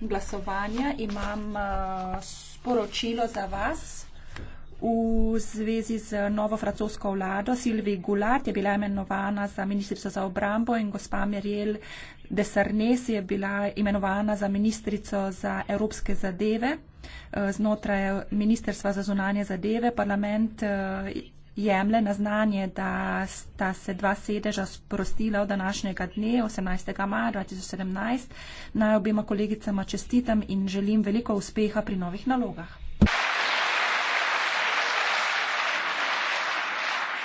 glasovanja imam uh, sporočilo za vas v zvezi z novo francosko vlado. Silvi Gulat je bila imenovana za ministrico za obrambo in gospa Mirjel Desarnes je bila imenovana za ministrico za evropske zadeve uh, znotraj ministrstva za zunanje zadeve. Parlament uh, jemlje na znanje, da sta se dva sedeža sprostila od današnjega dne, 18. maja 2017. Naj obima kolegicama čestitam in želim veliko uspeha pri novih nalogah.